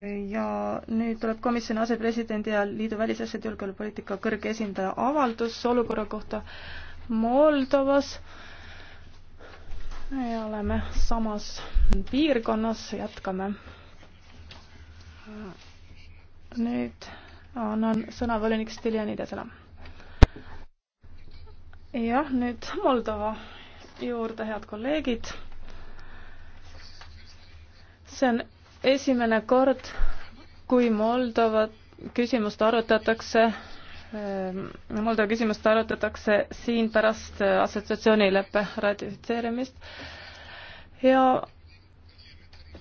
ja nüüd tuleb komisjoni asepresidendi ja liidu välisasjade julgeolekupoliitika kõrge esindaja avaldus olukorra kohta Moldovas. ja oleme samas piirkonnas, jätkame. nüüd annan sõna volinik Stiljanidesele. jah, nüüd Moldova juurde, head kolleegid. see on esimene kord, kui Moldova küsimust arutatakse ehm, Moldova küsimust arutatakse siin pärast äh, assotsiatsioonileppe ratifitseerimist ja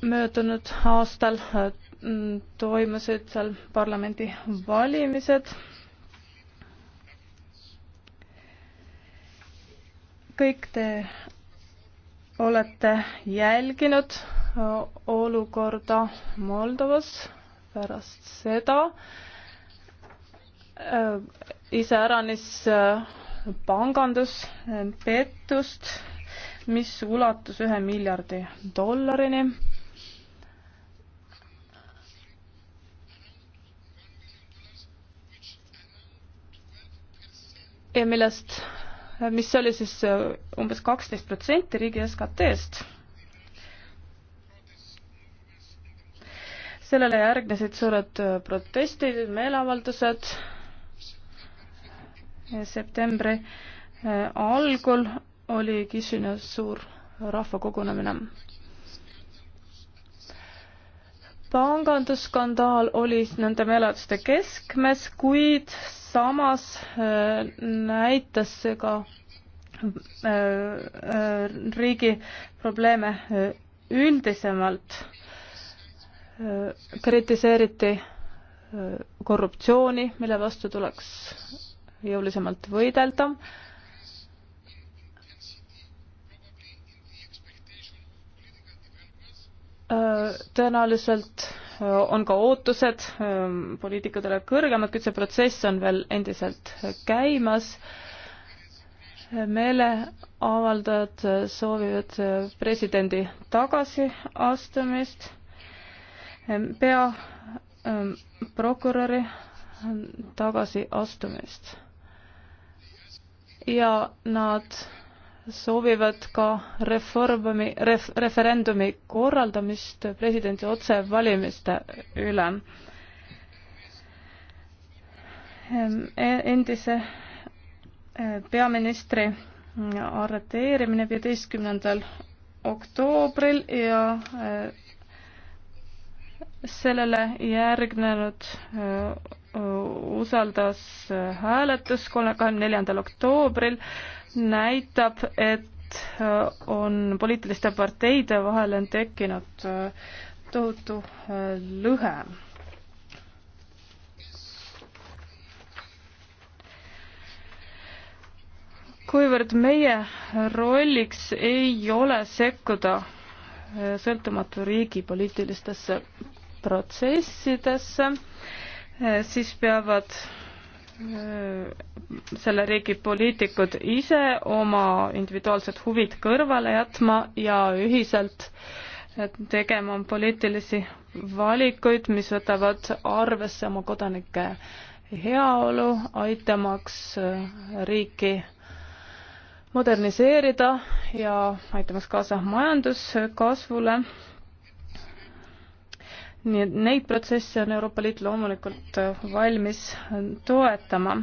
möödunud aastal äh, toimusid seal parlamendivalimised. kõik te olete jälginud olukorda Moldovas pärast seda äh, iseäranis äh, panganduspettust, äh, mis ulatus ühe miljardi dollarini ja millest, mis oli siis umbes kaksteist protsenti riigi SKT-st sellele järgnesid suured äh, protestid, meeleavaldused septembri äh, algul oli Kišinev suur rahvakogunemine. pangandusskandaal oli nende meeleavalduste keskmes, kuid samas äh, näitas see ka riigi probleeme üldisemalt Äh, kritiseeriti äh, korruptsiooni, mille vastu tuleks jõulisemalt võidelda. Äh, tõenäoliselt on ka ootused ähm, poliitikutele kõrgemad, kuid see protsess on veel endiselt käimas. meeleavaldajad soovivad presidendi tagasiastumist peaprokuröri ähm, ähm, tagasiastumist. ja nad soovivad ka reformi, ref-, referendumi korraldamist presidendi otsevalimiste üle. Ähm, e-, endise äh, peaministri äh, arreteerimine viieteistkümnendal oktoobril ja äh, sellele järgnenud usaldas hääletus kolmekümne neljandal oktoobril näitab, et on poliitiliste parteide vahel on tekkinud tohutu lõhe. kuivõrd meie rolliks ei ole sekkuda sõltumatu riigi poliitilistesse protsessidesse, eh, siis peavad eh, selle riigi poliitikud ise oma individuaalsed huvid kõrvale jätma ja ühiselt tegema poliitilisi valikuid, mis võtavad arvesse oma kodanike heaolu, aitamaks eh, riiki moderniseerida ja aitamaks kaasa majanduskasvule nii et neid protsesse on Euroopa Liit loomulikult äh, valmis äh, toetama.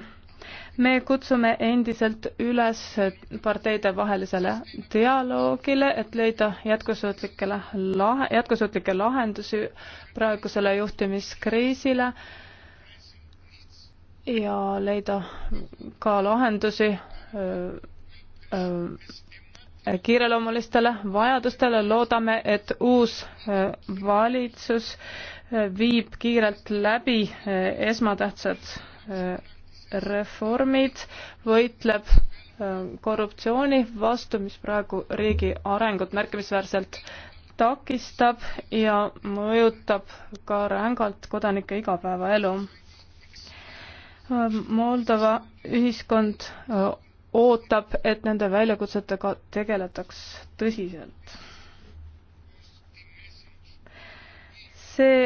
me kutsume endiselt üles äh, parteidevahelisele dialoogile, et leida jätkusuutlikele lahe, jätkusuutlikke lahendusi praegusele juhtimiskriisile ja leida ka lahendusi öö, öö, kiireloomulistele vajadustele, loodame, et uus äh, valitsus äh, viib kiirelt läbi äh, esmatähtsad reformid, võitleb korruptsiooni vastu, mis praegu riigi arengut märkimisväärselt takistab ja mõjutab ka rängalt kodanike igapäevaelu. Moldova ühiskond ootab, et nende väljakutsetega tegeletaks tõsiselt. see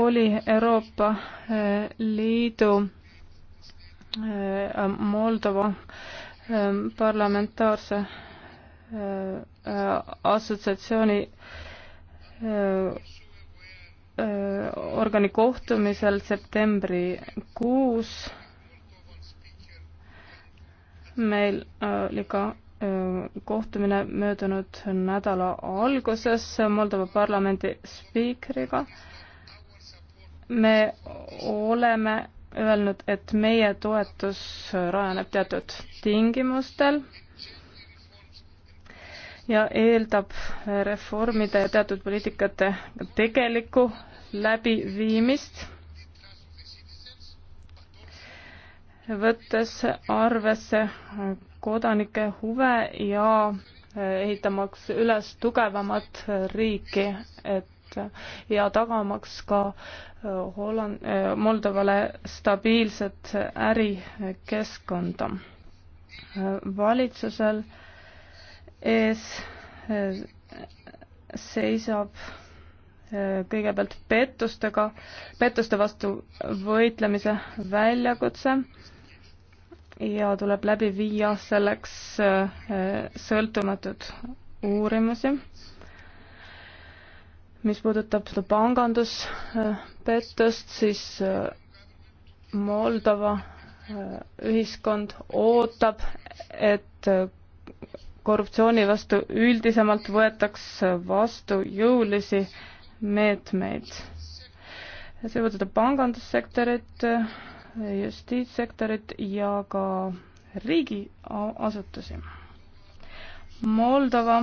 oli Euroopa eh, Liidu eh, Moldova eh, parlamentaarse assotsiatsiooni organi kohtumisel septembrikuus meil äh, oli ka äh, kohtumine möödunud nädala alguses Moldova parlamendi spiikriga. me oleme öelnud, et meie toetus rajaneb teatud tingimustel ja eeldab reformide ja teatud poliitikate tegelikku läbiviimist võttes arvesse kodanike huve ja eh, ehitamaks üles tugevamat riiki, et ja tagamaks ka eh, Holland, eh, Moldovale stabiilset ärikeskkonda. valitsusel ees seisab kõigepealt pettustega, pettuste vastu võitlemise väljakutse ja tuleb läbi viia selleks äh, sõltumatud uurimusi, mis puudutab seda panganduspettust, siis äh, Moldova äh, ühiskond ootab, et korruptsiooni vastu üldisemalt võetaks vastu jõulisi meetmeid. see puudutab pangandussektorit, justiitssektorit ja ka riigiasutusi. Moldova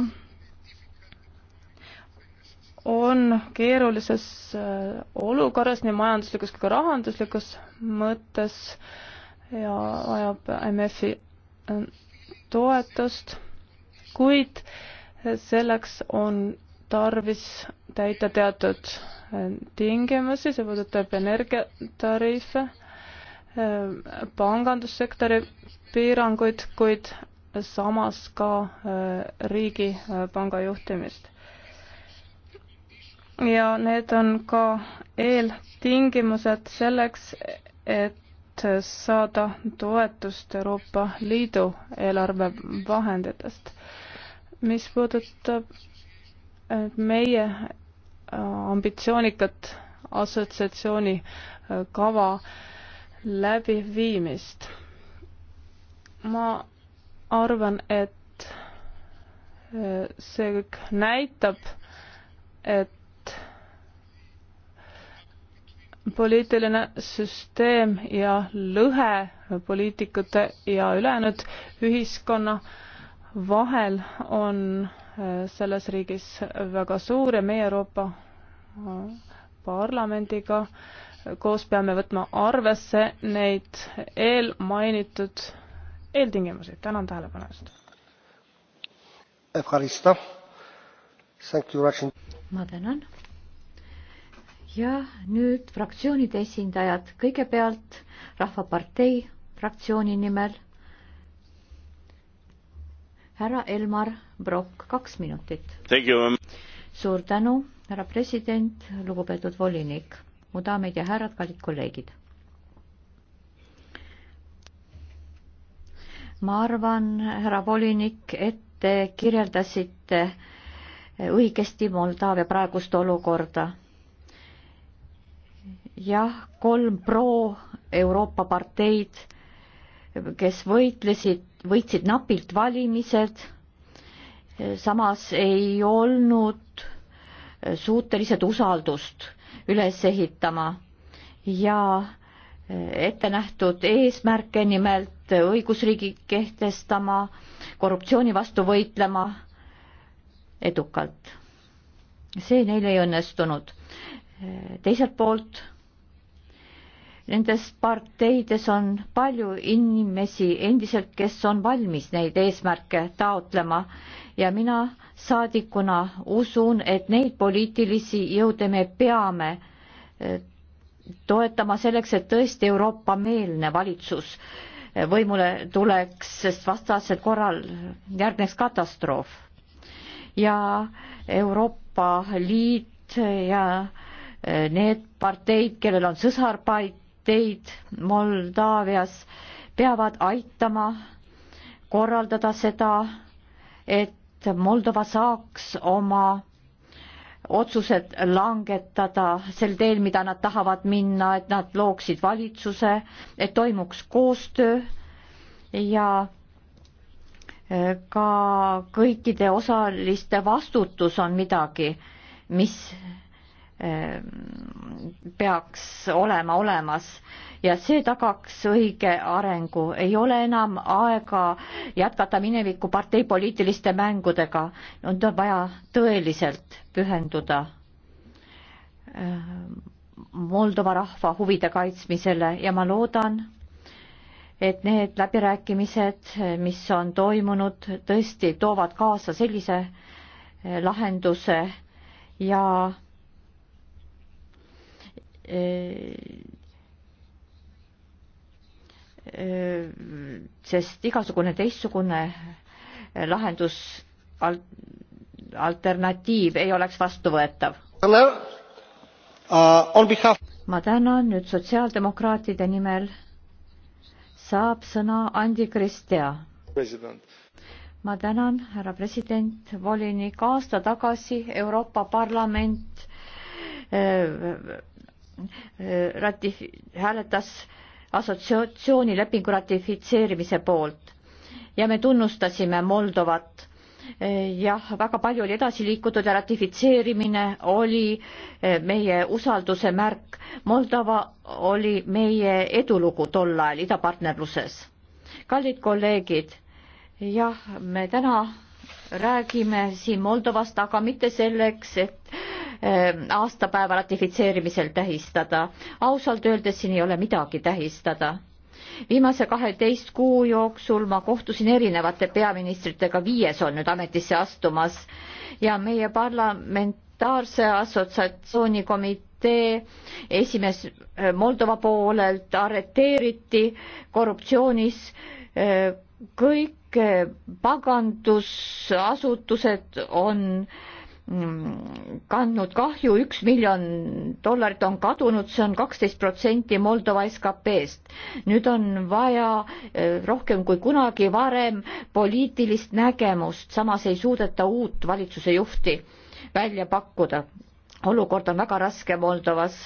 on keerulises äh, olukorras nii majanduslikus kui ka rahanduslikus mõttes ja vajab MF-i äh, toetust, kuid selleks on tarvis täita teatud äh, tingimusi, see puudutab energiatariife Ehm, pangandussektori piiranguid, kuid samas ka eh, riigi eh, panga juhtimist. ja need on ka eeltingimused selleks, et saada toetust Euroopa Liidu eelarve vahenditest. mis puudutab eh, meie ambitsioonikat assotsiatsiooni kava, läbiviimist. ma arvan, et äh, see kõik näitab, et poliitiline süsteem ja lõhe poliitikute ja ülejäänud ühiskonna vahel on äh, selles riigis väga suur ja meie Euroopa äh, Parlamendiga äh, koos peame võtma arvesse neid eelmainitud eeltingimusi. tänan tähelepanu eest. ma tänan. ja nüüd fraktsioonide esindajad, kõigepealt Rahvapartei fraktsiooni nimel härra Elmar Brokk, kaks minutit. suur tänu, härra president, lugupeetud volinik mu daamid ja härrad, kallid kolleegid. ma arvan, härra volinik, et te kirjeldasite õigesti Moldaavia praegust olukorda. jah, kolm pro-Euroopa parteid, kes võitlesid, võitsid napilt valimised, samas ei olnud suutelised usaldust üles ehitama ja eh, ette nähtud eesmärke, nimelt õigusriigi kehtestama, korruptsiooni vastu võitlema edukalt. see neil ei õnnestunud. Eh, teiselt poolt nendes parteides on palju inimesi endiselt, kes on valmis neid eesmärke taotlema ja mina saadikuna usun, et neid poliitilisi jõude me peame eh, toetama selleks, et tõesti Euroopa-meelne valitsus eh, võimule tuleks, sest vastasel korral järgneks katastroof. ja Euroopa Liit ja eh, need parteid, kellel on sõsarparteid Moldaavias, peavad aitama korraldada seda, et et Moldova saaks oma otsused langetada sel teel, mida nad tahavad minna, et nad looksid valitsuse, et toimuks koostöö ja äh, ka kõikide osaliste vastutus on midagi, mis Ehm, peaks olema olemas ja see tagaks õige arengu. ei ole enam aega jätkata mineviku parteipoliitiliste mängudega, nüüd on vaja tõeliselt pühenduda ehm, Moldova rahva huvide kaitsmisele ja ma loodan, et need läbirääkimised, mis on toimunud, tõesti toovad kaasa sellise eh, lahenduse ja Äh, äh, sest igasugune teistsugune äh, lahendus alt, alternatiiv ei oleks vastuvõetav. Uh, ma tänan nüüd sotsiaaldemokraatide nimel saab sõna Andi Kristea. ma tänan, härra president, volinik aasta tagasi Euroopa Parlament öö, ratif-, hääletas assotsiatsioonilepingu ratifitseerimise poolt ja me tunnustasime Moldovat. jah, väga palju oli edasi liikutud ja ratifitseerimine oli eh, meie usalduse märk. Moldova oli meie edulugu tol ajal idapartnerluses. kallid kolleegid, jah, me täna räägime siin Moldovast, aga mitte selleks, et Ehm, aastapäeva ratifitseerimisel tähistada. ausalt öeldes siin ei ole midagi tähistada viimase kaheteist kuu jooksul ma kohtusin erinevate peaministritega, viies on nüüd ametisse astumas ja meie parlamentaarse assotsiatsiooni komitee esimees ehm, Moldova poolelt arreteeriti korruptsioonis ehm, kõik pagandusasutused on äh, Mm, kandnud kahju, üks miljon dollarit on kadunud, see on kaksteist protsenti Moldova SKP-st. nüüd on vaja eh, rohkem kui kunagi varem poliitilist nägemust, samas ei suudeta uut valitsuse juhti välja pakkuda. olukord on väga raske Moldovas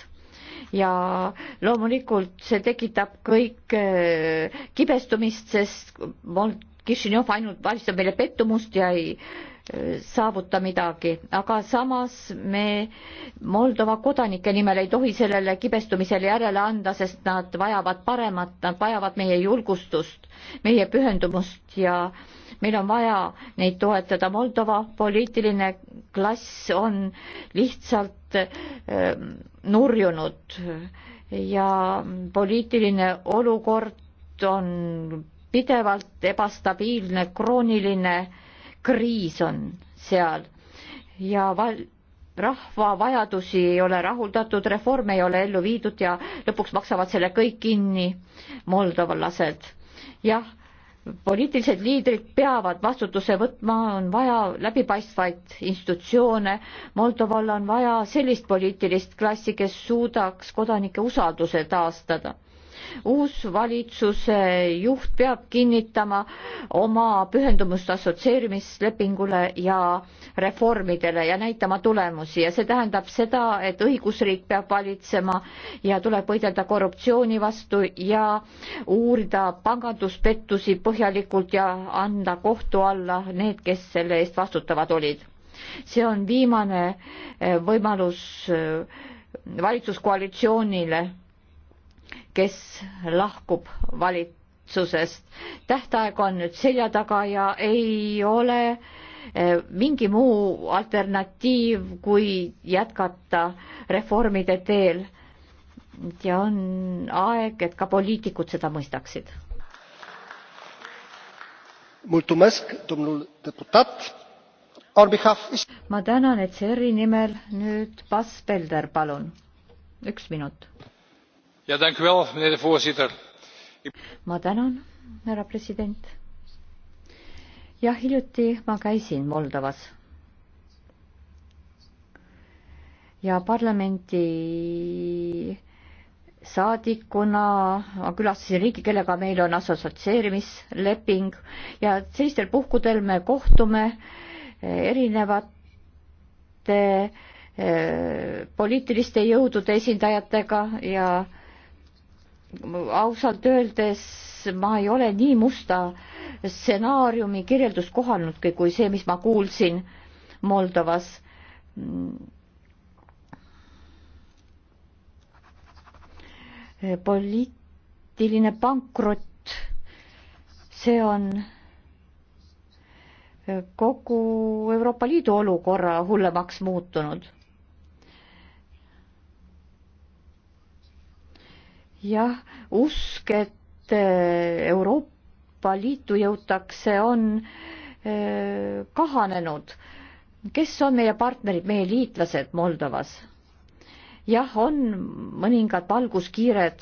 ja loomulikult see tekitab kõik eh, kibestumist, sest Kišinjov ainult valmistab meile pettumust ja ei saavuta midagi, aga samas me Moldova kodanike nimel ei tohi sellele kibestumisele järele anda, sest nad vajavad paremat, nad vajavad meie julgustust, meie pühendumust ja meil on vaja neid toetada. Moldova poliitiline klass on lihtsalt ähm, nurjunud ja poliitiline olukord on pidevalt ebastabiilne, krooniline kriis on seal ja val-, rahva vajadusi ei ole rahuldatud, reforme ei ole ellu viidud ja lõpuks maksavad selle kõik kinni moldovlased. jah, poliitilised liidrid peavad vastutuse võtma, on vaja läbipaistvaid institutsioone, Moldoval on vaja sellist poliitilist klassi, kes suudaks kodanike usalduse taastada uus valitsuse juht peab kinnitama oma pühendumust assotsieerimislepingule ja reformidele ja näitama tulemusi ja see tähendab seda, et õigusriik peab valitsema ja tuleb võidelda korruptsiooni vastu ja uurida panganduspettusi põhjalikult ja anda kohtu alla need, kes selle eest vastutavad olid. see on viimane eh, võimalus eh, valitsuskoalitsioonile kes lahkub valitsusest. tähtaeg on nüüd selja taga ja ei ole eh, mingi muu alternatiiv, kui jätkata reformide teel. ja on aeg, et ka poliitikud seda mõistaksid. ma tänan, et CER-i nimel nüüd Bas Belder, palun. üks minut ma tänan, härra president. jah, hiljuti ma käisin Moldovas. ja parlamendi saadikuna ma külastasin riiki, kellega meil on assotsieerimisleping ja sellistel puhkudel me kohtume eh, erinevate eh, poliitiliste jõudude esindajatega ja ausalt öeldes ma ei ole nii musta stsenaariumi kirjeldust kohanudki kui see, mis ma kuulsin Moldovas. poliitiline pankrot, see on kogu Euroopa Liidu olukorra hullemaks muutunud jah, usk, et eh, Euroopa Liitu jõutakse, on eh, kahanenud. kes on meie partnerid, meie liitlased Moldovas? jah, on mõningad valguskiired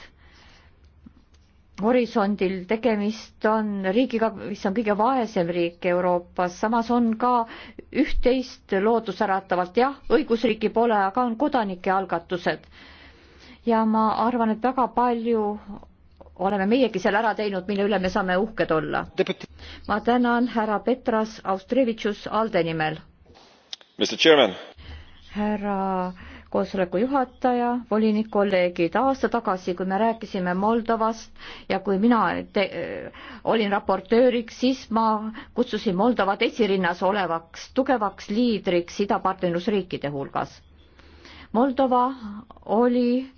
horisondil, tegemist on riigiga, mis on kõige vaesem riik Euroopas, samas on ka üht-teist loodusäratavalt, jah, õigusriiki pole, aga on kodanike algatused ja ma arvan, et väga palju oleme meiegi seal ära teinud, mille üle me saame uhked olla. ma tänan härra Petras Austrevitšus ALDE nimel. härra koosoleku juhataja, volinik, kolleegid, aasta tagasi, kui me rääkisime Moldovast ja kui mina te, olin raportööriks, siis ma kutsusin Moldovat esirinnas olevaks tugevaks liidriks idapartnerlusriikide hulgas. Moldova oli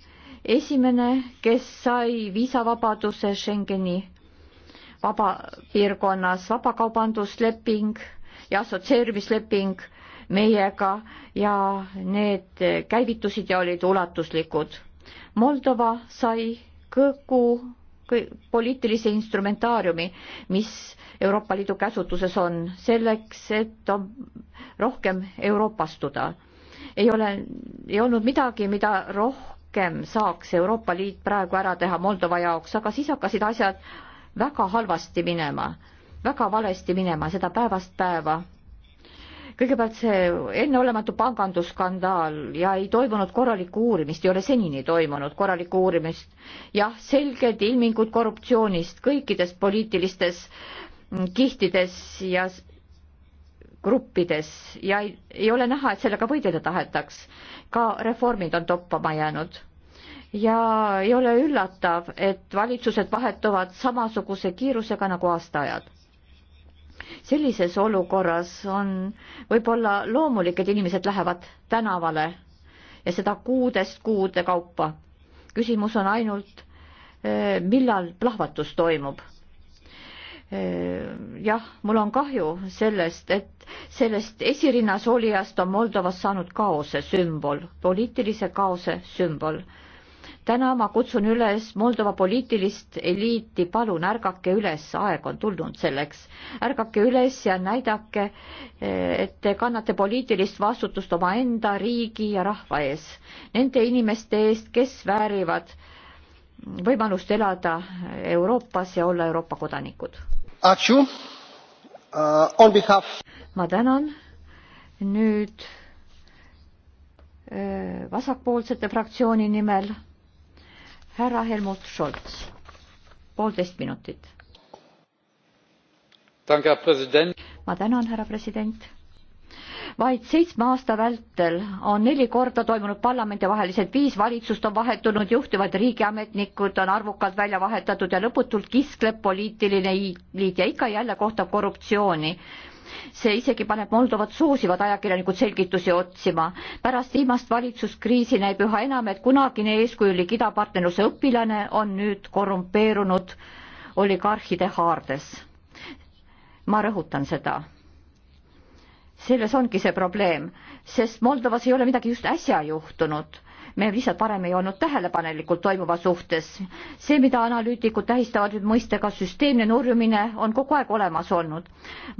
esimene, kes sai viisavabaduse Schengeni vaba piirkonnas, vabakaubandusleping ja assotsieerimisleping meiega ja need käivitusid ja olid ulatuslikud. Moldova sai kõku poliitilise instrumentaariumi, mis Euroopa Liidu käsutuses on, selleks, et rohkem euroopastuda. ei ole, ei olnud midagi, mida rohkem rohkem saaks Euroopa Liit praegu ära teha Moldova jaoks, aga siis hakkasid asjad väga halvasti minema, väga valesti minema, seda päevast päeva. kõigepealt see enneolematu pangandusskandaal ja ei toimunud korralikku uurimist, ei ole senini toimunud korralikku uurimist. jah, selged ilmingud korruptsioonist kõikides poliitilistes kihtides ja gruppides ja ei, ei ole näha, et sellega võidelda tahetaks. ka reformid on toppama jäänud ja ei ole üllatav, et valitsused vahetuvad samasuguse kiirusega nagu aastaajad. sellises olukorras on võib-olla loomulik, et inimesed lähevad tänavale ja seda kuudest kuude kaupa. küsimus on ainult, eh, millal plahvatus toimub jah, mul on kahju sellest, et sellest esirinnas olijast on Moldovas saanud kaose sümbol, poliitilise kaose sümbol. täna ma kutsun üles Moldova poliitilist eliiti, palun ärgake üles, aeg on tulnud selleks. ärgake üles ja näidake, et te kannate poliitilist vastutust omaenda riigi ja rahva ees, nende inimeste eest, kes väärivad äh, võimalust elada Euroopas ja olla Euroopa kodanikud. Uh, ma tänan. nüüd eh, vasakpoolsete fraktsiooni nimel härra Helmut Scholz, poolteist minutit. ma tänan, härra president vaid seitsme aasta vältel on neli korda toimunud parlamendivahelised, viis valitsust on vahetunud, juhtivad riigiametnikud on arvukalt välja vahetatud ja lõputult kiskleb poliitiline eliit ja ikka jälle kohtab korruptsiooni see isegi paneb Moldovat soosivad ajakirjanikud selgitusi otsima. pärast viimast valitsuskriisi näib üha enam, et kunagine eeskujulik idapartnerluse õpilane on nüüd korrumpeerunud oligarhide haardes. ma rõhutan seda selles ongi see probleem, sest Moldovas ei ole midagi just äsja juhtunud. me lihtsalt varem ei olnud tähelepanelikud toimuva suhtes. see, mida analüütikud tähistavad nüüd mõistega süsteemne nurjumine, on kogu aeg olemas olnud.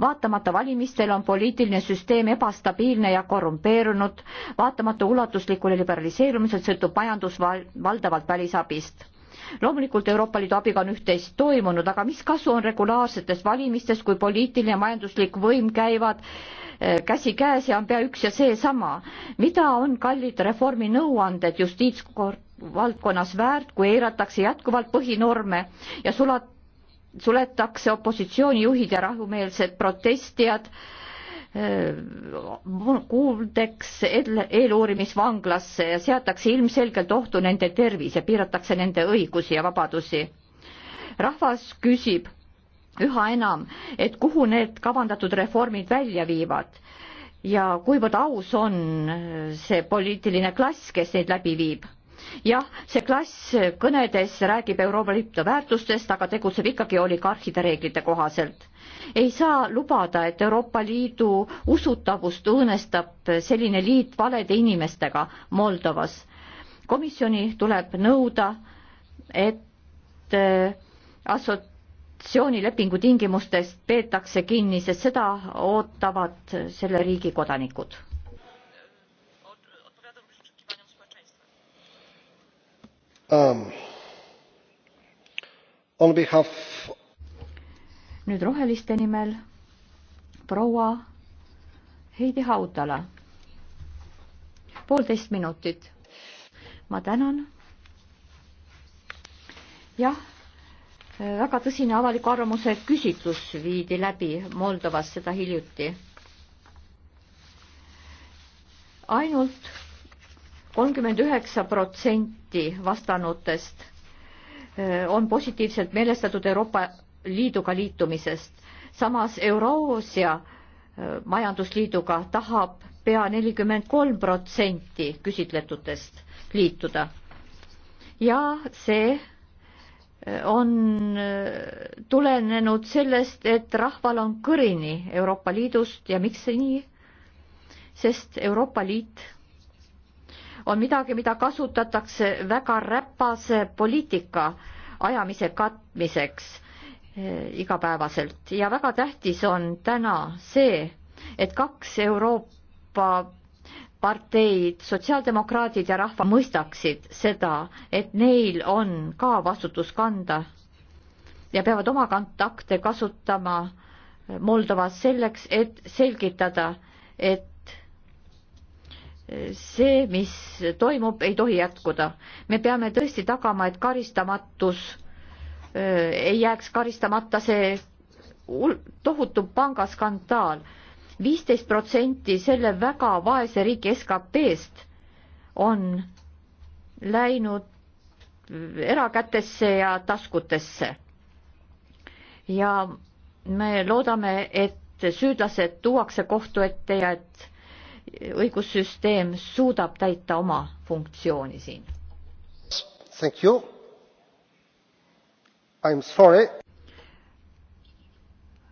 vaatamata valimistele on poliitiline süsteem ebastabiilne ja korrumpeerunud, vaatamata ulatuslikule liberaliseerumisele sõltub majandus valdavalt välisabist loomulikult Euroopa Liidu abiga on üht-teist toimunud, aga mis kasu on regulaarsetest valimistest, kui poliitiline ja majanduslik võim käivad eh, käsikäes ja on pea üks ja seesama. mida on kallid reformi nõuanded justiitsvaldkonnas väärt, kui eiratakse jätkuvalt põhinorme ja sulat-, suletakse opositsioonijuhid ja rahumeelsed protestijad äh, Äh, kuuldeks eeluurimisvanglasse ja seatakse ilmselgelt ohtu nende tervis ja piiratakse nende õigusi ja vabadusi. rahvas küsib üha enam, et kuhu need kavandatud reformid välja viivad ja kuivõrd aus on see poliitiline klass, kes neid läbi viib jah, see klass kõnedes räägib Euroopa Liidu väärtustest, aga tegutseb ikkagi oligarhide reeglite kohaselt. ei saa lubada, et Euroopa Liidu usutavust õõnestab selline liit valede inimestega Moldovas. komisjoni tuleb nõuda, et äh, assotsiatsioonilepingu tingimustest peetakse kinni, sest seda ootavad selle riigi kodanikud Um, behalf... nüüd roheliste nimel proua Heidi Haudala. poolteist minutit. ma tänan. jah, väga tõsine avaliku arvamuse küsitlus viidi läbi Moldovas seda hiljuti. ainult kolmkümmend üheksa protsenti vastanutest eh, on positiivselt meelestatud Euroopa Liiduga liitumisest. samas Euroosia eh, majandusliiduga tahab pea nelikümmend kolm protsenti küsitletutest liituda. ja see eh, on tulenenud sellest, et rahval on kõrini Euroopa Liidust ja miks see nii? sest Euroopa Liit on midagi, mida kasutatakse väga räpase poliitika ajamise katmiseks eh, igapäevaselt ja väga tähtis on täna see, et kaks Euroopa parteid, sotsiaaldemokraadid ja rahva mõistaksid seda, et neil on ka vastutus kanda ja peavad oma kontakte kasutama Moldovas selleks, et selgitada, et see, mis toimub, ei tohi jätkuda. me peame tõesti tagama, et karistamatus äh, ei jääks karistamata see tohutu pangaskandaal. viisteist protsenti selle väga vaese riigi SKP-st on läinud erakätesse ja taskutesse. ja me loodame, et süüdlased tuuakse kohtu ette ja et õigussüsteem suudab täita oma funktsiooni siin. Thank you. I am sorry.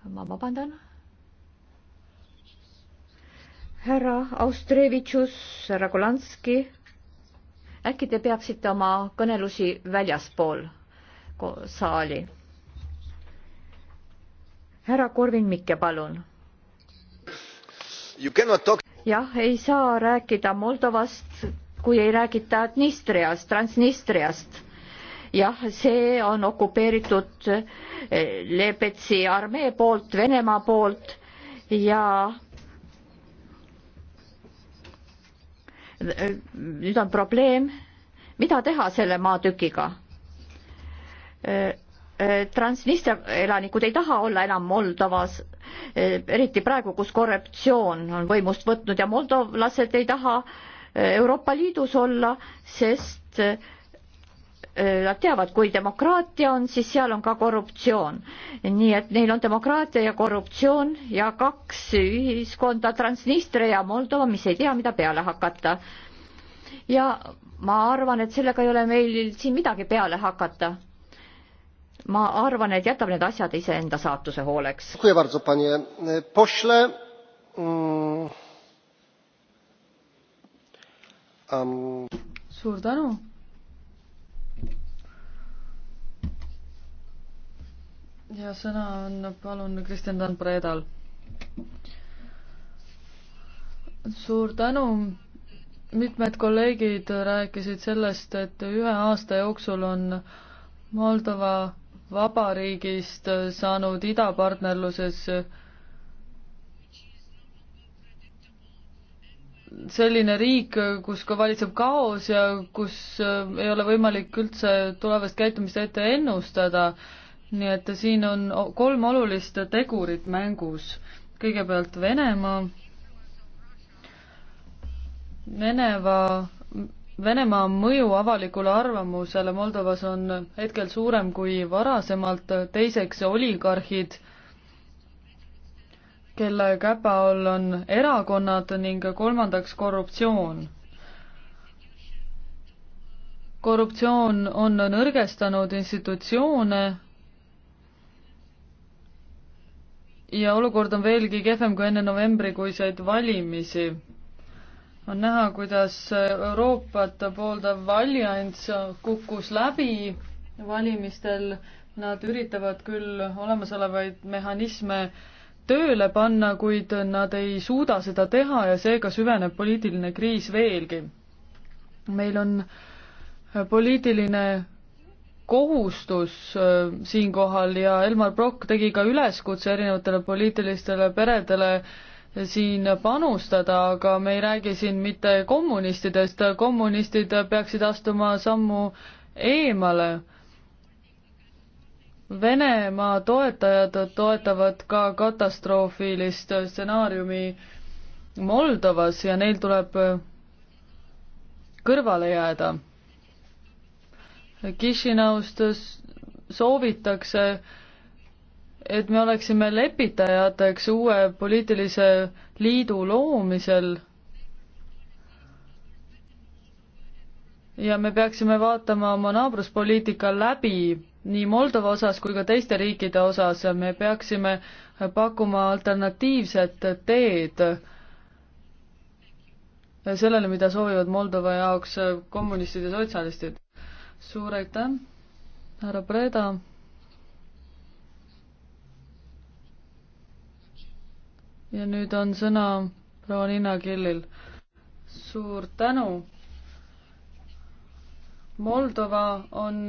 ma vabandan. härra Austrevitšus, härra Kolanski, äkki te peaksite oma kõnelusi väljaspool saali? härra Korvin Mikke, palun Talk jah, ei saa rääkida Moldovast, kui ei räägita Dnistriast, Transnistriast. jah, see on okupeeritud eh, Lebetsi armee poolt, Venemaa poolt ja eh, nüüd on probleem, mida teha selle maatükiga eh, Äh, Transnistria elanikud ei taha olla enam Moldovas, äh, eriti praegu, kus korruptsioon on võimust võtnud ja moldovlased ei taha äh, Euroopa Liidus olla, sest nad teavad, kui demokraatia on, siis seal on ka korruptsioon. nii et neil on demokraatia ja korruptsioon ja kaks ühiskonda, Transnistria ja Moldova, mis ei tea, mida peale hakata. ja ma arvan, et sellega ei ole meil siin midagi peale hakata ma arvan, et jätab need asjad iseenda saatuse hooleks. E, mm. suur tänu. ja sõna on palun Kristjan Tanpredal. suur tänu mitmed kolleegid rääkisid sellest, et ühe aasta jooksul on Moldova vabariigist saanud idapartnerluses selline riik, kus ka valitseb kaos ja kus äh, ei ole võimalik üldse tulevast käitumist ette ennustada. nii et siin on kolm olulist tegurit mängus. kõigepealt Venemaa, Veneva Venemaa mõju avalikule arvamusele Moldovas on hetkel suurem kui varasemalt, teiseks oligarhid, kelle käpa all on erakonnad ning kolmandaks korruptsioon. korruptsioon on nõrgestanud institutsioone ja olukord on veelgi kehvem kui enne novembrikuiseid valimisi on näha, kuidas Euroopat pooldav allianss kukkus läbi valimistel. Nad üritavad küll olemasolevaid mehhanisme tööle panna, kuid nad ei suuda seda teha ja seega süveneb poliitiline kriis veelgi. meil on poliitiline kohustus äh, siinkohal ja Elmar Brokk tegi ka üleskutse erinevatele poliitilistele peredele äh, siin panustada, aga me ei räägi siin mitte kommunistidest, kommunistid peaksid astuma sammu eemale. Venemaa toetajad toetavad ka katastroofilist stsenaariumi Moldovas ja neil tuleb kõrvale jääda. Kishinaust soovitakse äh, et me oleksime lepitajateks uue poliitilise liidu loomisel ja me peaksime vaatama oma naabruspoliitika läbi nii Moldova osas kui ka teiste riikide osas, me peaksime pakkuma alternatiivset teed sellele, mida soovivad Moldova jaoks kommunistid ja sotsialistid. suur aitäh, härra Preda! ja nüüd on sõna proua Nina Killil. suur tänu. Moldova on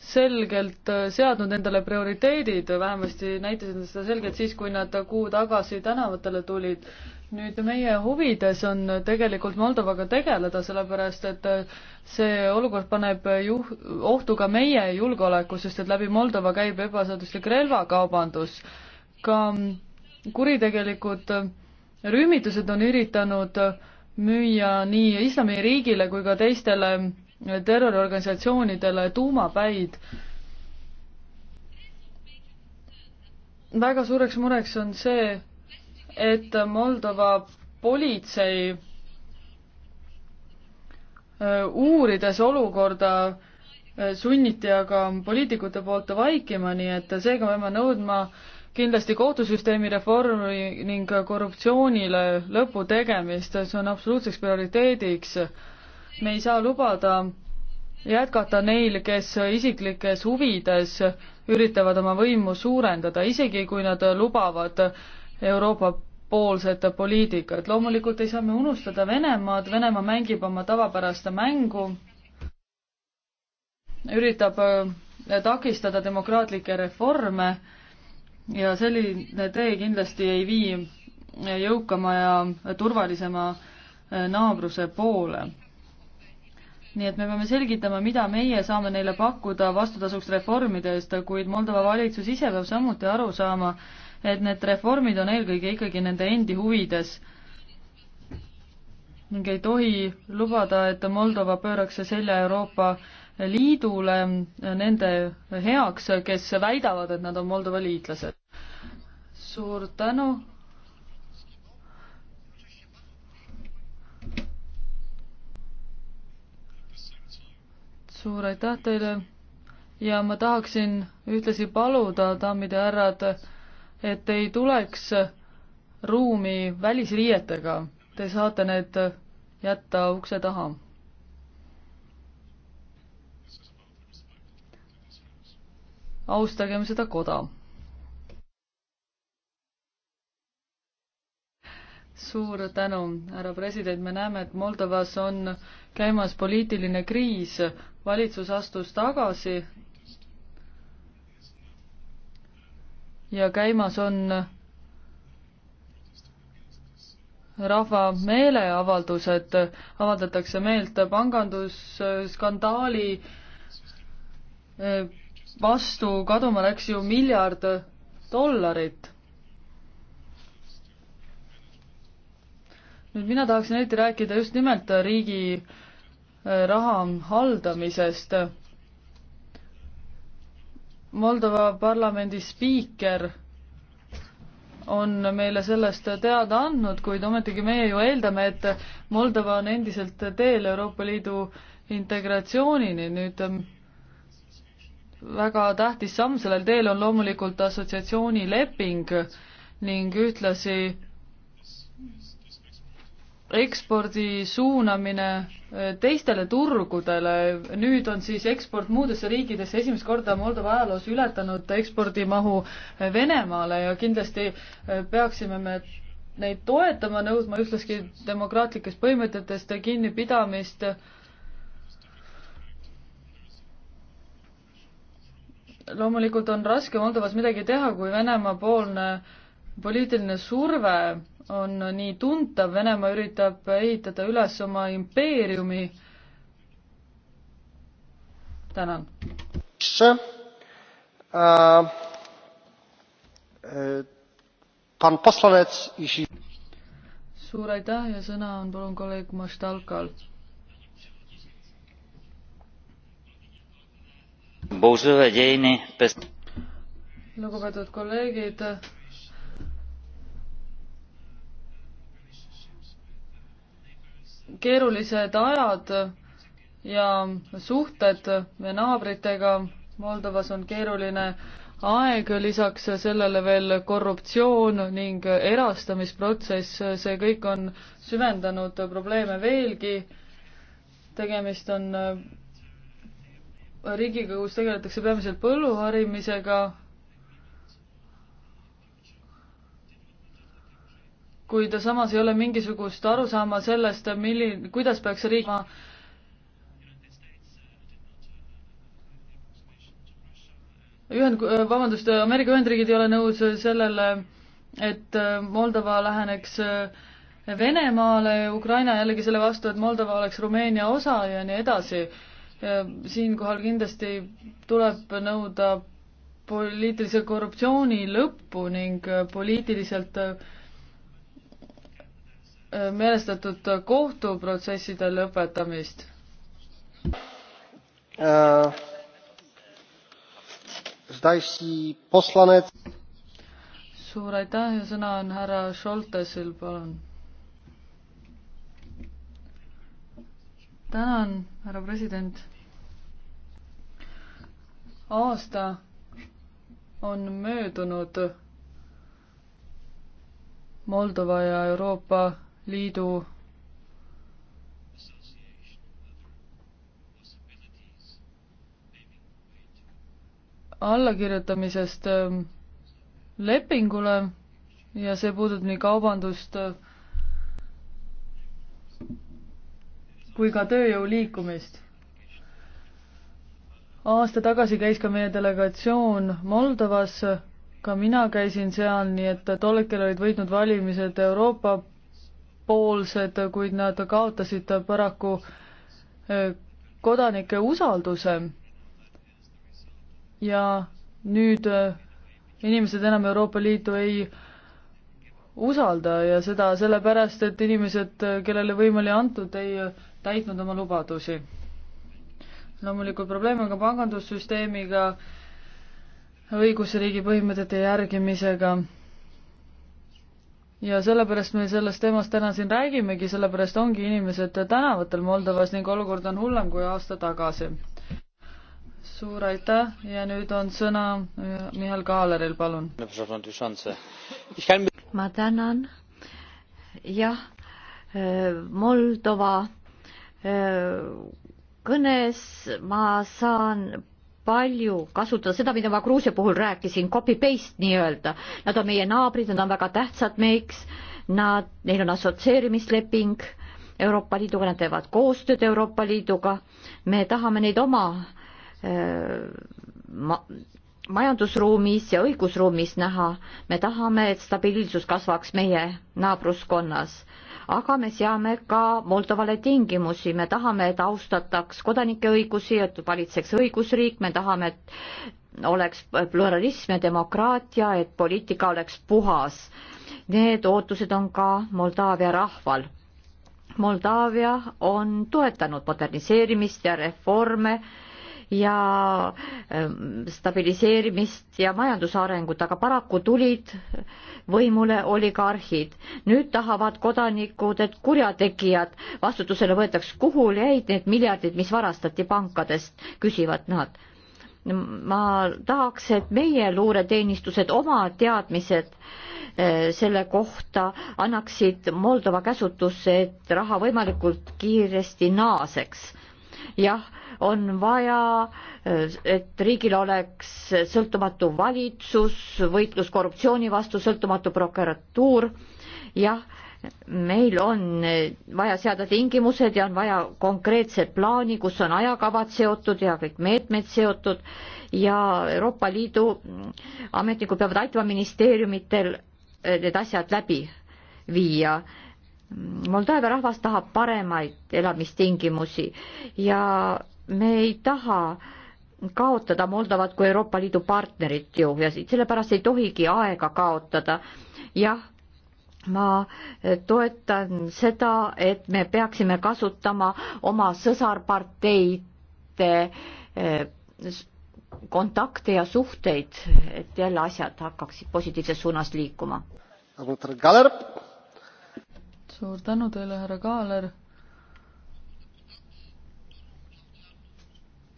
selgelt äh, seadnud endale prioriteedid, vähemasti näitasid nad seda selgelt siis, kui nad kuu tagasi tänavatele tulid. nüüd meie huvides on tegelikult Moldovaga tegeleda, sellepärast et äh, see olukord paneb juh-, ohtu ka meie julgeoleku, sest et läbi Moldova käib ebaseaduslik relvakaubandus. ka kuritegelikud rühmitused on üritanud müüa nii Islamiriigile kui ka teistele terroriorganisatsioonidele tuumapäid. väga suureks mureks on see, et Moldova politsei äh, uurides olukorda äh, sunniti aga poliitikute poolt vaikima, nii et seega peame nõudma äh, kindlasti kohtusüsteemi reformi ning korruptsioonile lõpu tegemist, see on absoluutseks prioriteediks. me ei saa lubada jätkata neil, kes isiklikes huvides üritavad oma võimu suurendada, isegi kui nad lubavad Euroopa poolset poliitikat. loomulikult ei saa me unustada Venemaad, Venemaa mängib oma tavapärast mängu, üritab takistada demokraatlikke reforme ja selline tee kindlasti ei vii jõukama ja turvalisema äh, naabruse poole. nii et me peame selgitama, mida meie saame neile pakkuda vastutasuks reformide eest, kuid Moldova valitsus ise peab samuti aru saama, et need reformid on eelkõige ikkagi nende endi huvides ning ei tohi lubada, et Moldova pööraks selja Euroopa Liidule nende heaks, kes väidavad, et nad on Moldova liitlased. suur tänu. suur aitäh teile ja ma tahaksin ühtlasi paluda, daamid ja härrad, et ei tuleks ruumi välisriietega, te saate need jätta ukse taha austagem seda koda. suur tänu, härra president, me näeme, et Moldovas on käimas poliitiline kriis, valitsus astus tagasi ja käimas on rahva meeleavaldused, avaldatakse meelt pangandusskandaali eh, vastu kaduma läks ju miljard dollarit. nüüd mina tahaksin eriti rääkida just nimelt riigi äh, raha haldamisest. Moldova parlamendi spiiker on meile sellest teada andnud, kuid ometigi meie ju eeldame, et Moldova on endiselt teel Euroopa Liidu integratsioonini, nüüd ähm, väga tähtis samm sellel teel on loomulikult assotsiatsioonileping ning ühtlasi ekspordi suunamine eh, teistele turgudele, nüüd on siis eksport muudesse riikidesse esimest korda Moldova ajaloos ületanud ekspordimahu eh, Venemaale ja kindlasti eh, peaksime me neid toetama, nõudma ühtlasi demokraatlikest põhimõtetest kinnipidamist äh, loomulikult on raske Moldovas midagi teha, kui Venemaa-poolne poliitiline surve on nii tuntav, Venemaa üritab ehitada üles oma impeeriumi. tänan. Uh, uh, suur aitäh ja sõna on palun kolleeg Maštalkal lugupeetud kolleegid. keerulised ajad ja suhted meie naabritega Moldovas on keeruline aeg, lisaks sellele veel korruptsioon ning erastamisprotsess, see kõik on süvendanud probleeme veelgi. tegemist on riigikogus tegeletakse peamiselt põlluharimisega, kuid samas ei ole mingisugust arusaama sellest, milline, kuidas peaks riik Ühend-, vabandust, Ameerika Ühendriigid ei ole nõus sellele, et Moldova läheneks Venemaale, Ukraina jällegi selle vastu, et Moldova oleks Rumeenia osa ja nii edasi siinkohal kindlasti tuleb nõuda poliitilise korruptsiooni lõppu ning äh, poliitiliselt äh, meelestatud kohtuprotsesside lõpetamist äh,. suur aitäh ja sõna on härra Šoltesil, palun tänan, härra president. aasta on möödunud Moldova ja Euroopa Liidu allakirjutamisest ähm, lepingule ja see puudutab nii kaubandust kui ka tööjõu liikumist. aasta tagasi käis ka meie delegatsioon Moldovas, ka mina käisin seal, nii et tol hetkel olid võitnud valimised Euroopa poolsed, kuid nad kaotasid paraku eh, kodanike usalduse. ja nüüd eh, inimesed enam Euroopa Liitu ei usalda ja seda sellepärast, et inimesed, eh, kellele võim oli antud, ei täitnud oma lubadusi. loomulikult probleem on ka pangandussüsteemiga, õigusriigi põhimõtete järgimisega. ja sellepärast me sellest teemast täna siin räägimegi, sellepärast ongi inimesed tänavatel Moldovas ning olukord on hullem kui aasta tagasi. suur aitäh ja nüüd on sõna äh, Mihhail Kaaleril, palun. ma tänan. jah, äh, Moldova kõnes ma saan palju kasutada seda, mida ma Gruusia puhul rääkisin, copy-paste nii-öelda. Nad on meie naabrid, nad on väga tähtsad meiks, nad, neil on assotsieerimisleping Euroopa Liiduga, nad teevad koostööd Euroopa Liiduga, me tahame neid oma öö, ma, majandusruumis ja õigusruumis näha, me tahame, et stabiilsus kasvaks meie naabruskonnas aga me seame ka Moldovale tingimusi, me tahame, et austataks kodanike õigusi, et valitseks õigusriik, me tahame, et oleks pluralism ja demokraatia, et poliitika oleks puhas. Need ootused on ka Moldaavia rahval. Moldaavia on toetanud moderniseerimist ja reforme ja ähm, stabiliseerimist ja majandusarengut, aga paraku tulid võimule oligarhid. nüüd tahavad kodanikud, et kurjategijad vastutusele võetaks, kuhu jäid need miljardid, mis varastati pankadest, küsivad nad ma tahaks, et meie luureteenistused oma teadmised äh, selle kohta annaksid Moldova käsutusse, et raha võimalikult kiiresti naaseks jah, on vaja, eh, et riigil oleks sõltumatu valitsus, võitlus korruptsiooni vastu, sõltumatu prokuratuur, jah, meil on eh, vaja seada tingimused ja on vaja konkreetset plaani, kus on ajakavad seotud ja kõik meetmed seotud ja Euroopa Liidu mm, ametnikud peavad aitama ministeeriumitel eh, need asjad läbi viia Moldaavia rahvas tahab paremaid elamistingimusi ja me ei taha kaotada Moldovat kui Euroopa Liidu partnerit ju ja sellepärast ei tohigi aega kaotada. jah, ma toetan seda, et me peaksime kasutama oma sõsarparteide eh, kontakte ja suhteid, et jälle asjad hakkaksid positiivses suunas liikuma suur tänu teile, härra Kaaler.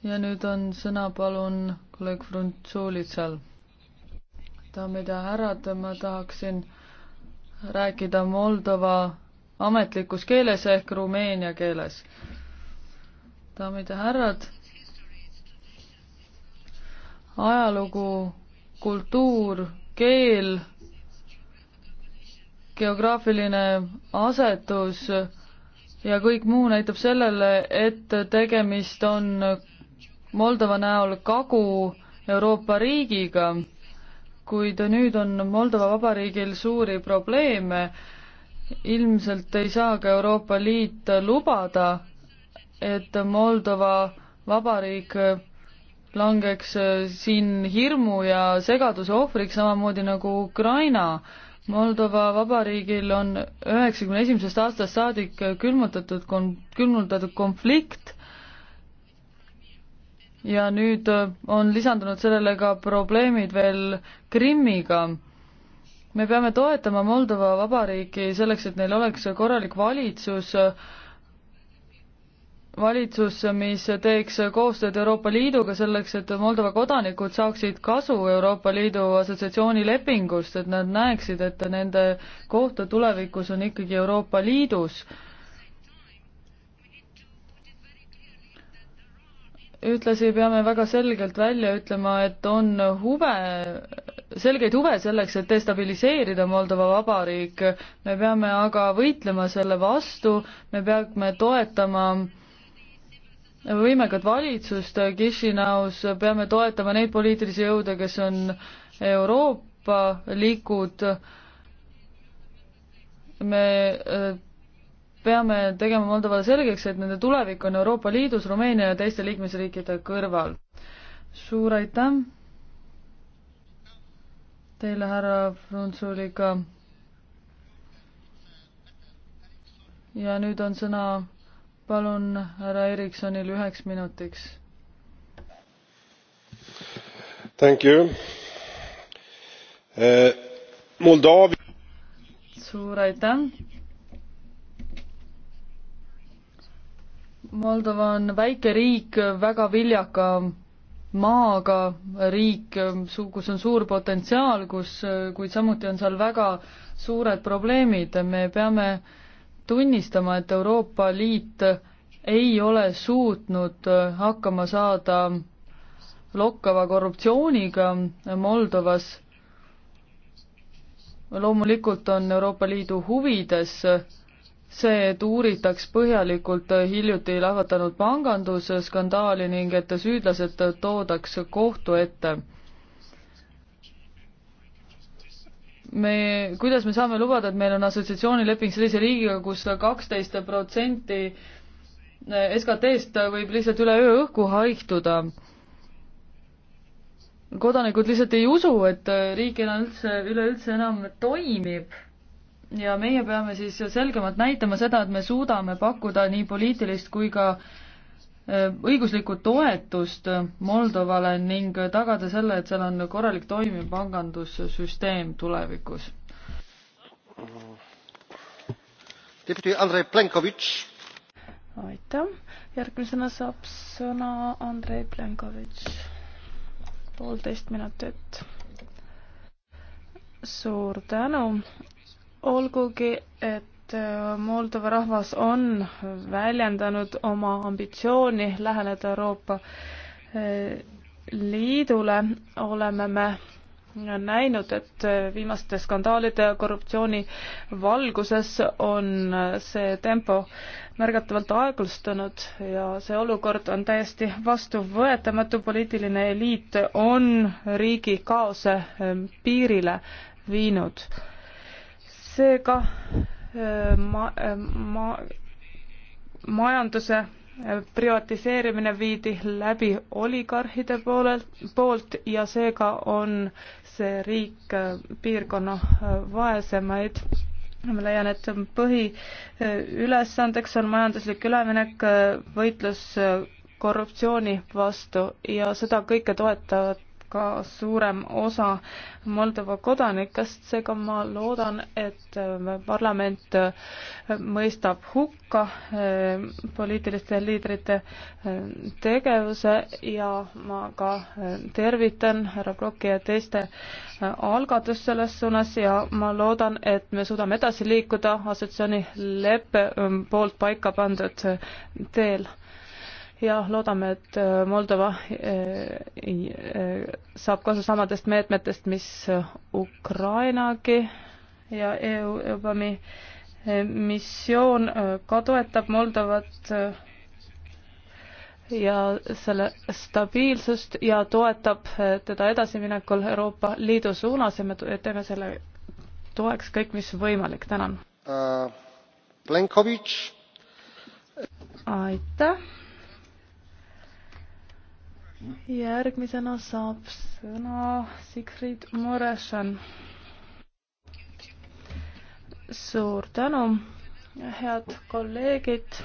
ja nüüd on sõna palun kolleeg Frunzulitsal. daamid ja härrad, ma tahaksin rääkida Moldova ametlikus keeles ehk rumeenia keeles. daamid ja härrad, ajalugu, kultuur, keel geograafiline asetus ja kõik muu näitab sellele, et tegemist on Moldova näol Kagu-Euroopa riigiga, kuid nüüd on Moldova Vabariigil suuri probleeme. ilmselt ei saa ka Euroopa Liit lubada, et Moldova Vabariik langeks siin hirmu ja segaduse ohvriks, samamoodi nagu Ukraina Moldova Vabariigil on üheksakümne esimesest aastast saadik külmutatud kon-, külmutatud konflikt ja nüüd on lisandunud sellele ka probleemid veel Krimmiga. me peame toetama Moldova Vabariiki selleks, et neil oleks korralik valitsus, valitsus, mis teeks koostööd Euroopa Liiduga selleks, et Moldova kodanikud saaksid kasu Euroopa Liidu assotsiatsioonilepingust, et nad näeksid, et nende koht tulevikus on ikkagi Euroopa Liidus. ühtlasi peame väga selgelt välja ütlema, et on huve, selgeid huve selleks, et destabiliseerida Moldova Vabariik. me peame aga võitlema selle vastu, me peame toetama äh, võimekat valitsust Kišinaus, peame toetama neid poliitilisi jõude, kes on euroopalikud. me äh, peame tegema Moldovale selgeks, et nende tulevik on Euroopa Liidus, Rumeenia ja teiste liikmesriikide kõrval. suur aitäh teile, härra Frunzuliga. ja nüüd on sõna palun härra Ericssonil üheks minutiks. Thank you eh,. Moldaavi. suur aitäh. Moldova on väike riik, väga viljaka maaga riik, kus on suur potentsiaal, kus, kuid samuti on seal väga suured probleemid, me peame äh, tunnistama, et Euroopa Liit ei ole suutnud hakkama saada lokkava korruptsiooniga Moldovas. loomulikult on Euroopa Liidu huvides see, et uuritaks põhjalikult hiljuti lahvatanud pangandusskandaali ning et süüdlased toodaks kohtu ette me, kuidas me saame lubada, et meil on assotsiatsioonileping sellise riigiga kus, kus kaksteist protsenti SKT-st võib lihtsalt üleöö õhku haihtuda. kodanikud lihtsalt ei usu, et riik enam üldse, üleüldse enam toimib. ja meie peame siis selgemalt näitama seda, et me suudame pakkuda nii poliitilist kui ka äh, õiguslikku toetust Moldovale ning tagada selle, et seal on korralik toimiv pangandussüsteem tulevikus. aitäh, järgmisena saab sõna Andrei Plenkovitš, poolteist minutit. suur tänu, olgugi et et äh, Moldova rahvas on väljendanud oma ambitsiooni läheneda Euroopa äh, Liidule, oleme me näinud, et äh, viimaste skandaalide ja korruptsiooni valguses on see tempo märgatavalt aeglustunud ja see olukord on täiesti vastuvõetamatu, poliitiline eliit on riigi kaose piirile viinud seega ma-, ma-, majanduse privatiseerimine viidi läbi oligarhide poolelt, poolt ja seega on see riik piirkonna vaesemaid. ma leian, et põhiülesandeks on majanduslik üleminek, võitlus korruptsiooni vastu ja seda kõike toetavad ka suurem osa Moldova kodanikest, seega ma loodan, et äh, parlament äh, mõistab hukka äh, poliitiliste liidrite tegevuse ja ma ka tervitan härra Broki ja teiste algatust selles suunas ja ma loodan, et me suudame edasi liikuda assotsiatsiooni leppe ähm, poolt paika pandud teel ja loodame, et äh, Moldova äh, äh, saab kasu samadest meetmetest, mis Ukrainagi ja EU, EUBAMi missioon ka toetab Moldovat ja selle stabiilsust ja toetab teda edasiminekul Euroopa Liidu suunas ja me teeme selle toeks kõik, mis võimalik, tänan uh,. aitäh järgmisena saab sõna Sigrid Muresan. suur tänu, head kolleegid.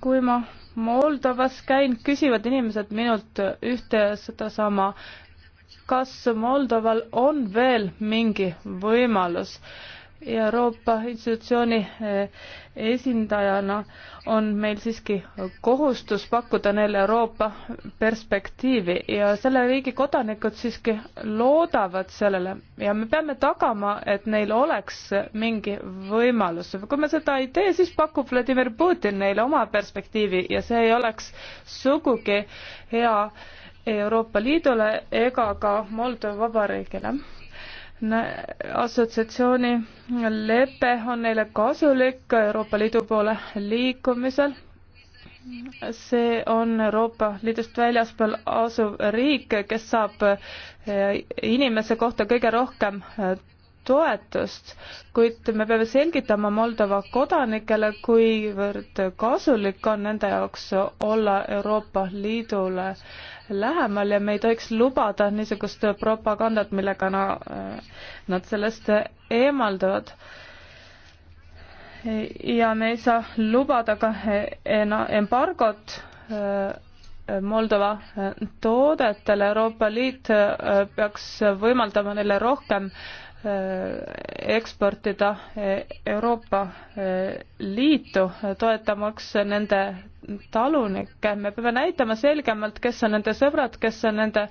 kui ma Moldovas käin, küsivad inimesed minult ühte ja sedasama. kas Moldoval on veel mingi võimalus? Euroopa institutsiooni eh, esindajana on meil siiski kohustus pakkuda neile Euroopa perspektiivi ja selle riigi kodanikud siiski loodavad sellele ja me peame tagama, et neil oleks mingi võimalus. kui me seda ei tee, siis pakub Vladimir Putin neile oma perspektiivi ja see ei oleks sugugi hea Euroopa Liidule ega ka Moldova Vabariigile assotsiatsiooni lepe on neile kasulik Euroopa Liidu poole liikumisel. see on Euroopa Liidust väljaspool asuv riik, kes saab eh, inimese kohta kõige rohkem eh, toetust, kuid me peame selgitama Moldova kodanikele, kuivõrd kasulik on nende jaoks olla Euroopa Liidule äh, lähemal ja me ei tohiks lubada niisugust propagandat, millega na, nad sellest eemalduvad. ja me ei saa lubada ka embargot äh, Moldova äh, toodetele, Euroopa Liit äh, peaks võimaldama neile rohkem äh, Äh, eksportida äh, Euroopa äh, Liitu, toetamaks nende talunikke. me peame näitama selgemalt, kes on nende sõbrad, kes on nende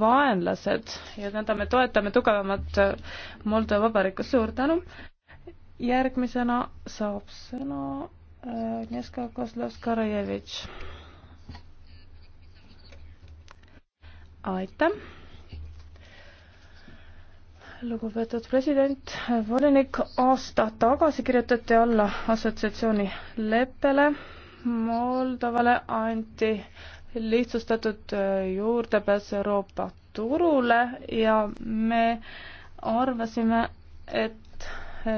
vaenlased ja nõnda me toetame tugevamat Moldova Vabariiku. suur tänu! järgmisena saab sõna Agnieszka Kozlovskaja-Jevitš. aitäh! lugupeetud president, volinik, aasta tagasi kirjutati alla assotsiatsiooni leppele. Moldovale anti lihtsustatud äh, juurdepääs Euroopa turule ja me arvasime, et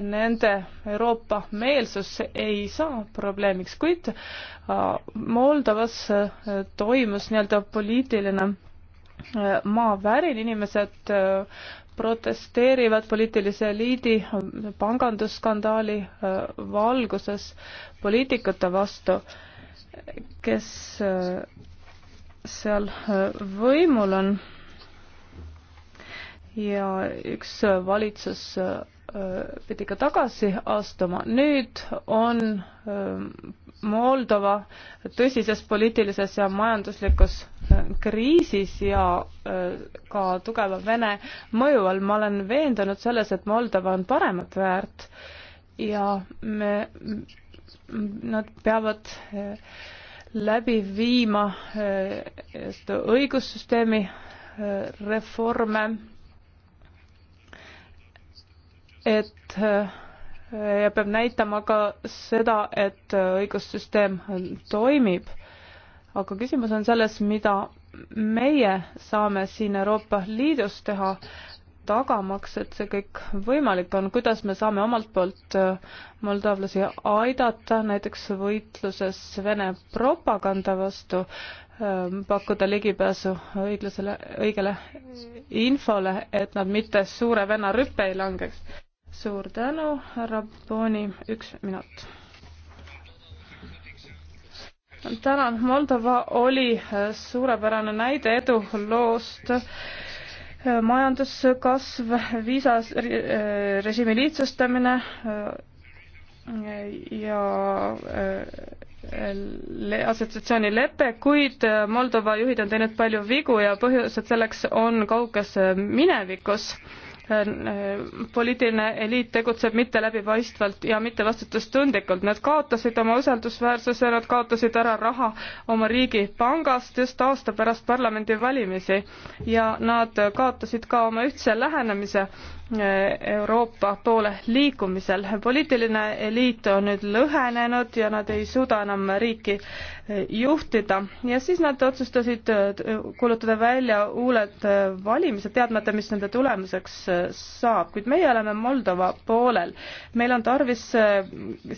nende Euroopa meelsus ei saa probleemiks, kuid äh, Moldovas äh, toimus nii-öelda poliitiline maavärin, inimesed protesteerivad poliitilise eliidi pangandusskandaali äh, valguses poliitikute vastu, kes äh, seal äh, võimul on. ja üks valitsus Äh, pidi ka tagasi astuma. nüüd on ähm, Moldova tõsises poliitilises ja majanduslikus äh, kriisis ja äh, ka tugeva Vene mõju all. ma olen veendunud selles, et Moldova on paremat väärt ja me, nad peavad läbi viima õigussüsteemi reforme et äh, ja peab näitama ka seda, et äh, õigussüsteem äh, toimib. aga küsimus on selles, mida meie saame siin Euroopa Liidus teha, tagamaks, et see kõik võimalik on, kuidas me saame omalt poolt moldovlasi aidata näiteks võitluses Vene propaganda vastu, pakkuda ligipääsu õiglasele, õigele infole, et nad mitte suure venna rüppe ei langeks suur tänu, härra Boni, üks minut tänan, Moldova oli äh, suurepärane näide eduloost. Äh, majanduskasv, viisarežiimi äh, lihtsustamine ja assotsiatsioonilepe, kuid Moldova juhid on teinud palju vigu ja põhjused selleks on kauges minevikus Äh, poliitiline eliit tegutseb mitte läbipaistvalt ja mitte vastutustundlikult. Nad kaotasid oma usaldusväärsuse, nad kaotasid ära raha oma riigi pangast just aasta pärast parlamendivalimisi ja nad kaotasid ka oma ühtse lähenemise Euroopa poole liikumisel. poliitiline eliit on nüüd lõhenenud ja nad ei suuda enam riiki eh, juhtida ja siis nad otsustasid eh, kuulutada välja uued eh, valimised, teadmata, mis nende tulemuseks saab, kuid meie oleme Moldova poolel. meil on tarvis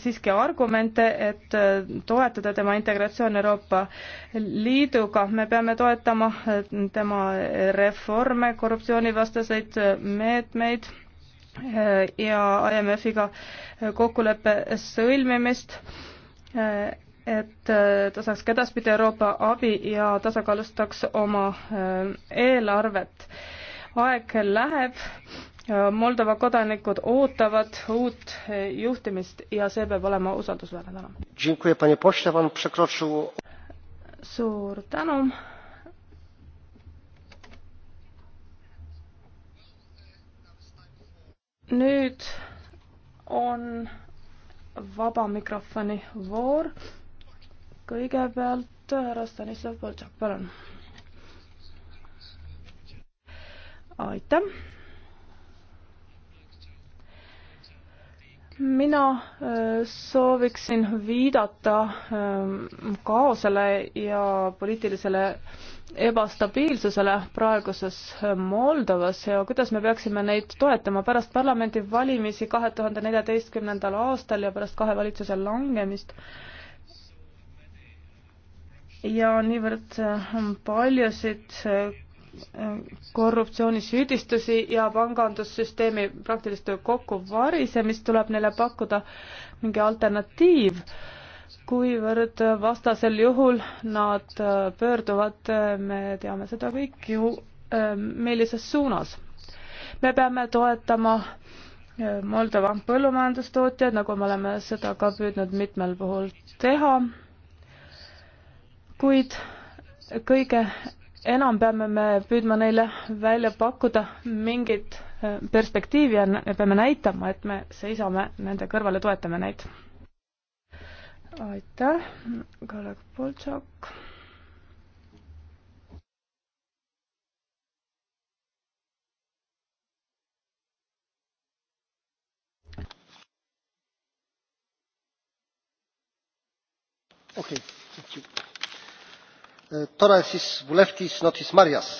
siiski argumente, et toetada tema integratsioon Euroopa Liiduga, me peame toetama tema reforme, korruptsioonivastaseid meetmeid, ja IMF-iga kokkuleppe sõlmimist, et ta saaks ka edaspidi Euroopa abi ja tasakaalustaks oma äh, eelarvet. aeg läheb, Moldova kodanikud ootavad uut äh, juhtimist ja see peab olema usaldusväärne täna. suur tänu. nüüd on vaba mikrofoni voor. kõigepealt härra Stanislav Boltšak, palun. aitäh. mina äh, sooviksin viidata ähm, kaosele ja poliitilisele ebastabiilsusele praeguses Moldovas ja kuidas me peaksime neid toetama pärast parlamendivalimisi kahe tuhande neljateistkümnendal aastal ja pärast kahe valitsuse langemist. ja niivõrd paljusid eh, korruptsioonisüüdistusi ja pangandussüsteemi praktilist kokkuvarisemist tuleb neile pakkuda mingi alternatiiv äh, kuivõrd vastasel juhul nad äh, pöörduvad, äh, me teame seda kõik ju, äh, millises suunas. me peame toetama Moldova põllumajandustootjaid, nagu me oleme seda ka püüdnud mitmel puhul teha, kuid kõige enam peame me püüdma neile välja pakkuda mingit perspektiivi ja peame näitama, et me seisame nende kõrval ja toetame neid aitäh, kolleeg Boltšak. Okay, thank you. E, Tore siis Vulevtis Notis Marjas.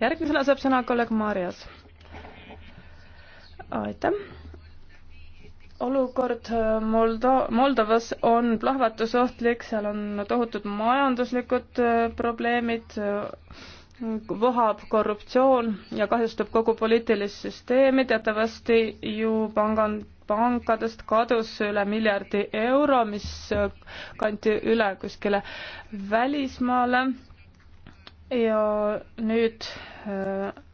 järgmisena saab sõna kolleeg Marjas. aitäh olukord äh, Moldo-, Moldovas on plahvatusohtlik, seal on tohutud majanduslikud äh, probleemid, äh, vohab korruptsioon ja kahjustab kogu poliitilist süsteemi, teatavasti ju pangan-, pankadest kadus üle miljardi euro, mis kanti üle kuskile välismaale ja nüüd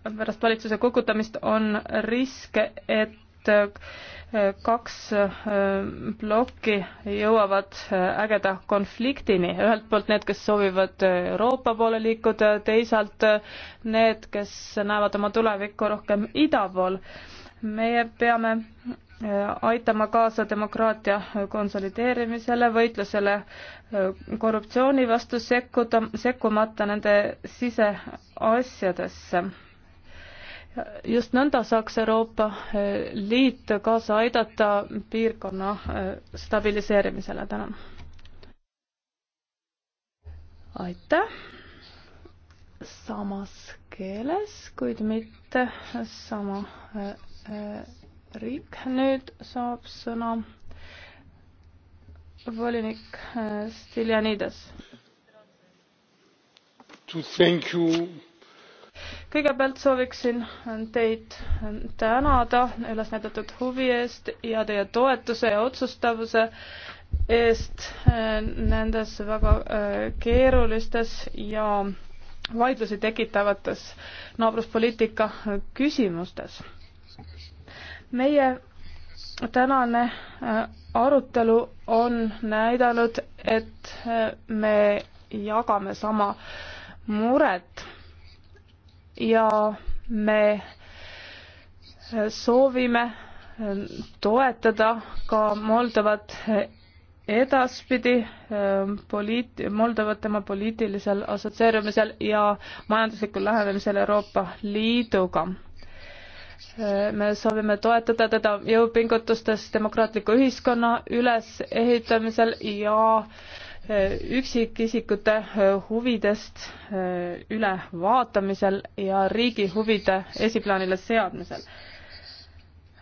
pärast valitsuse kukutamist on risk, et Äh, kaks äh, plokki jõuavad äh, ägeda konfliktini, ühelt poolt need, kes soovivad Euroopa poole liikuda, teisalt need, kes näevad oma tulevikku rohkem ida pool. meie peame aitama kaasa demokraatia konsolideerimisele, võitlusele korruptsiooni vastu sekkuda, sekkumata nende siseasjadesse just nõnda saaks Euroopa eh, Liit kaasa aidata piirkonna eh, stabiliseerimisele, tänan. aitäh. samas keeles, kuid mitte sama eh, riik. nüüd saab sõna volinik Stiljanides. To thank you kõigepealt sooviksin teid tänada üles näidatud huvi eest ja teie toetuse ja otsustavuse eest äh, nendes väga äh, keerulistes ja vaidlusi tekitavates naabruspoliitika küsimustes. meie tänane äh, arutelu on näidanud, et me jagame sama muret ja me soovime toetada ka Moldovat edaspidi ähm, poliit-, Moldovat tema poliitilisel assotsieerumisel ja majanduslikul lähenemisel Euroopa Liiduga. Äh, me soovime toetada teda jõupingutustes demokraatliku ühiskonna ülesehitamisel ja äh, üksikisikute äh, huvidest äh, ülevaatamisel ja riigi huvide esiplaanile seadmisel.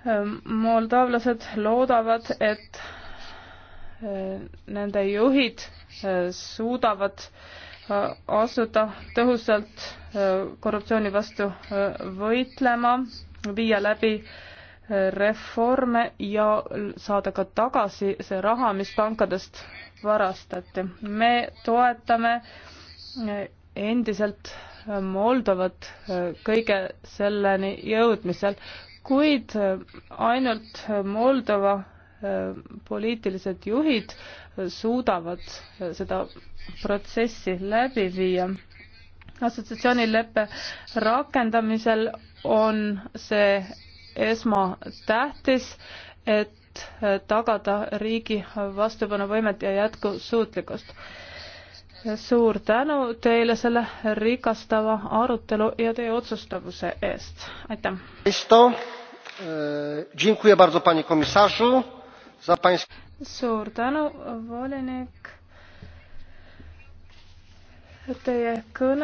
Ähm, moldaavlased loodavad, et äh, nende juhid suudavad asuda tõhusalt korruptsiooni vastu võitlema, viia läbi reforme ja saada ka tagasi see raha, mis pankadest varastati. me toetame endiselt Moldovat kõige selleni jõudmisel, kuid ainult Moldova poliitilised juhid suudavad seda protsessi läbi viia. assotsiatsioonileppe rakendamisel on see esmatähtis, et tagada riigi vastupanuvõimet ja jätkusuutlikkust. suur tänu teile selle rikastava arutelu ja teie otsustavuse eest, aitäh! Eh, suur tänu, volinik, teie kõne